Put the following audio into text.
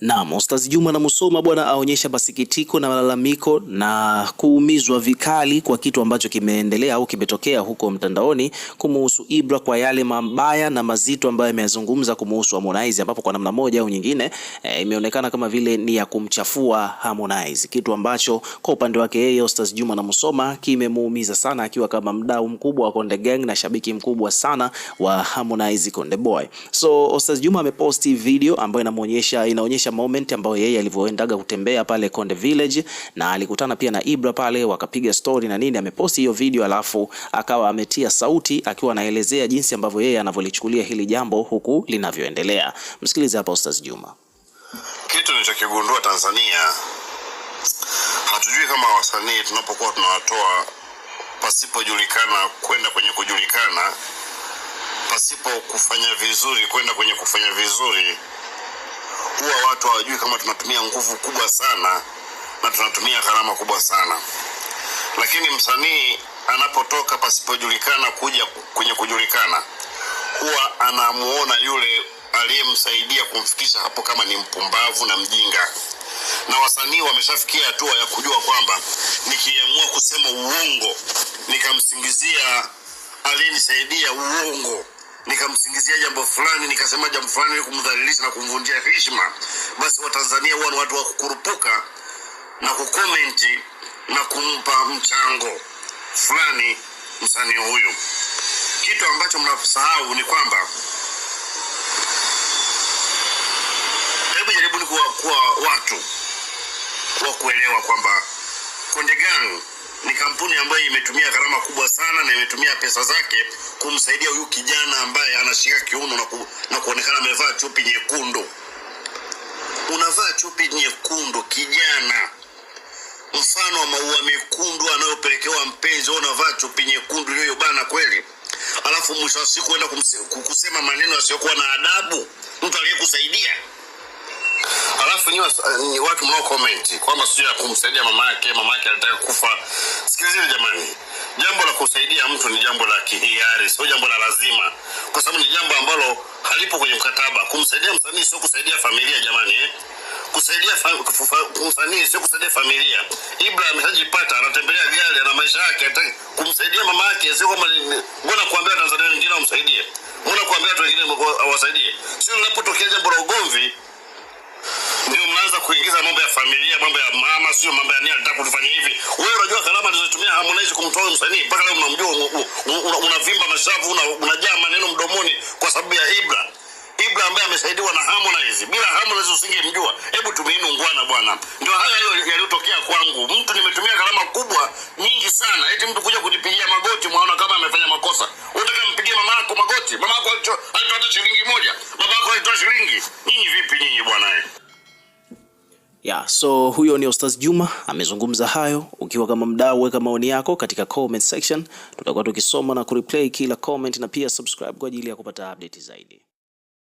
Naam, Ustaz Juma na Musoma bwana aonyesha masikitiko na malalamiko na kuumizwa vikali kwa kitu ambacho kimeendelea au kimetokea huko mtandaoni kumuhusu Ibra kwa yale mabaya na mazito ambayo ameyazungumza kumuhusu Harmonize, ambapo kwa namna moja au nyingine e, imeonekana kama vile ni ya kumchafua Harmonize, kitu ambacho kwa upande wake yeye Ustaz Juma na Musoma kimemuumiza sana, akiwa kama mdau mkubwa wa Konde Gang na shabiki mkubwa sana wa Harmonize Konde Boy. So Ustaz Juma ameposti video ambayo inamuonyesha inaonyesha inaonyesha moment ambayo yeye alivyoendaga kutembea pale Konde Village na alikutana pia na Ibra pale, wakapiga story na nini. Ameposti hiyo video, alafu akawa ametia sauti akiwa anaelezea jinsi ambavyo yeye anavyolichukulia hili jambo huku linavyoendelea. Msikilize hapa Ustaz Juma. Kitu nilichokigundua Tanzania, hatujui kama wasanii tunapokuwa tunawatoa pasipojulikana kwenda kwenye kujulikana, pasipo kufanya vizuri kwenda kwenye kufanya vizuri huwa watu hawajui kama tunatumia nguvu kubwa sana na tunatumia gharama kubwa sana, lakini msanii anapotoka pasipojulikana kuja kwenye kujulikana, huwa anamuona yule aliyemsaidia kumfikisha hapo kama ni mpumbavu na mjinga, na wasanii wameshafikia hatua ya kujua kwamba nikiamua kusema uongo nikamsingizia aliyenisaidia uongo nikamsingizia jambo fulani, nikasema jambo fulani ni kumdhalilisha na kumvunjia heshima, basi Watanzania huwa ni watu wa kukurupuka na kukomenti na kumpa mchango fulani msanii huyu. Kitu ambacho mnasahau ni kwamba, hebu jaribuni kuwa, kuwa watu wa kuelewa kwamba kondegani sana na imetumia pesa zake kumsaidia huyu kijana ambaye anashika kiuno na, ku, na kuonekana amevaa chupi nyekundu. Unavaa chupi nyekundu kijana, mfano wa maua mekundu anayopelekewa mpenzi, unavaa chupi nyekundu hiyo bana kweli, alafu mwisho wa siku enda kusema maneno yasiyokuwa na adabu mtu aliyekusaidia Alafu nyiwa watu mnao comment kwamba sio ya kumsaidia mama yake, mama yake alitaka kufa. Sikilizeni jamani jambo la kusaidia mtu ni jambo la kihiari, sio jambo la lazima, kwa sababu ni jambo ambalo halipo kwenye mkataba. Kumsaidia msanii sio kusaidia familia, jamani eh? Kusaidia fa msanii sio kusaidia familia. Ibra ameshajipata, anatembelea gari, na maisha yake. Kumsaidia mama yake sio kama mbona kuambia Tanzania wengine wamsaidie, mbona kuambia watu wengine wasaidie? Sio linapotokea jambo la ugomvi ndio mnaanza kuingiza mambo ya familia, mambo ya mama, sio mambo ya nini, alitaka kutufanya hivi wewe msanii mpaka leo unamjua, unavimba mashavu, unajaa maneno mdomoni kwa sababu ya Ibra. Ibra ambaye amesaidiwa na Harmonize. Bila Harmonize usingemjua. Hebu tumeinungwana ungwana bwana. Yeah, so huyo ni Ostaz Juma amezungumza hayo. Ukiwa kama mdau, weka maoni yako katika comment section, tutakuwa tukisoma na kureplay kila comment, na pia subscribe kwa ajili ya kupata update zaidi.